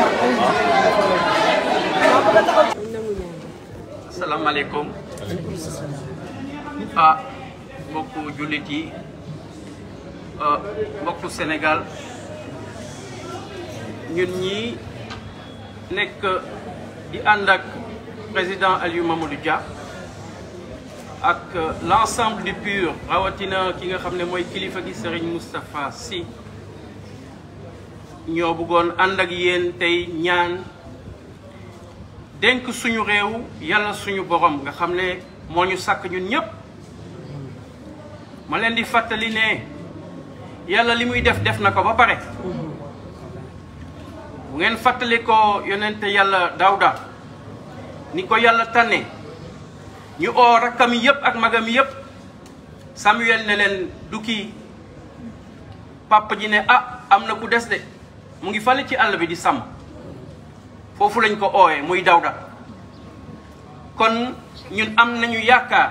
alaikum alaikum beaucoup de euh, Senegal. Sénégal ñun président Aliou Mamadou Dia ah, l'ensemble du PUR rawatina qui est qui ñoo bëggoon ànd ak yéen tey ñaan dénk suñu réew yàlla suñu borom nga xam ne moo ñu sàkk ñun ñëpp ma leen di fàttali ne yàlla li muy def def na ko ba pare bu ngeen fàttali ko yonente yàlla dawda ni ko yàlla tànne ñu oo rakkam yëpp ak magam yëpp samuel ne leen dukki papa ji ne ah am na ku des de mu ngi fale ci àll bi di sàmm foofu lañ ko ooyee muy dawda kon ñun am nañu yaakaar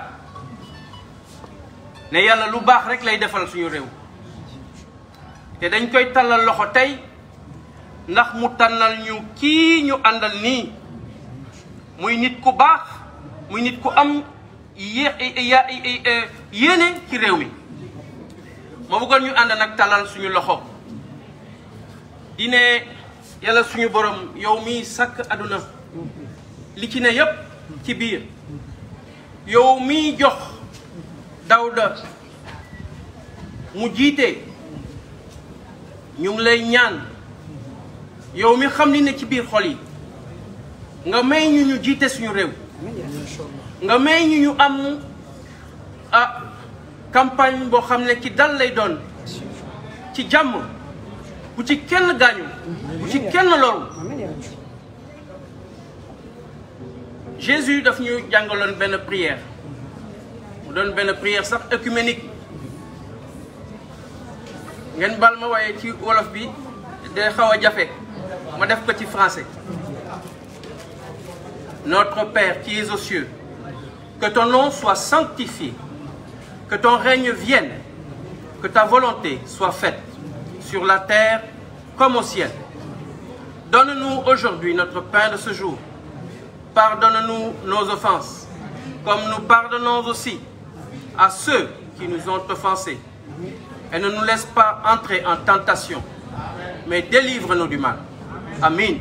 ne yàlla lu baax rek lay defal suñu réew te dañ koy tàllal loxo tey ndax mu tànnal ñu kii ñu àndal nii muy nit ku baax muy nit ku am yéene ci réew mi moo bëggoon ñu ànd nag tàllal suñu loxo dine yalla suñu borom yow mi sak aduna li ci ne yeb ci biir yow mi jox dawda mu jité ñu lay ñaan yow mi xam li ne ci biir xol yi nga may ñu ñu jité suñu rew nga may ñu ñu am a campagne bo xamne ki dal lay doon ci jamm bu ci kenn gaañu bu ci kenn loru Jésus daf ñu jàngaloon benn prière mu doon benn prière sax œcuménique ngeen bal ma waaye ci wolof bi day xaw a jafe ma def ko ci français Notre Père qui es aux cieux que ton nom soit sanctifié que ton règne vienne que ta volonté soit faite sur la terre comme au ciel. Donne-nous aujourd'hui notre pain de ce jour. Pardonne-nous nos offenses, comme nous pardonnons aussi à ceux qui nous ont offensés. Et ne nous laisse pas entrer en tentation, mais délivre-nous du mal. Amen.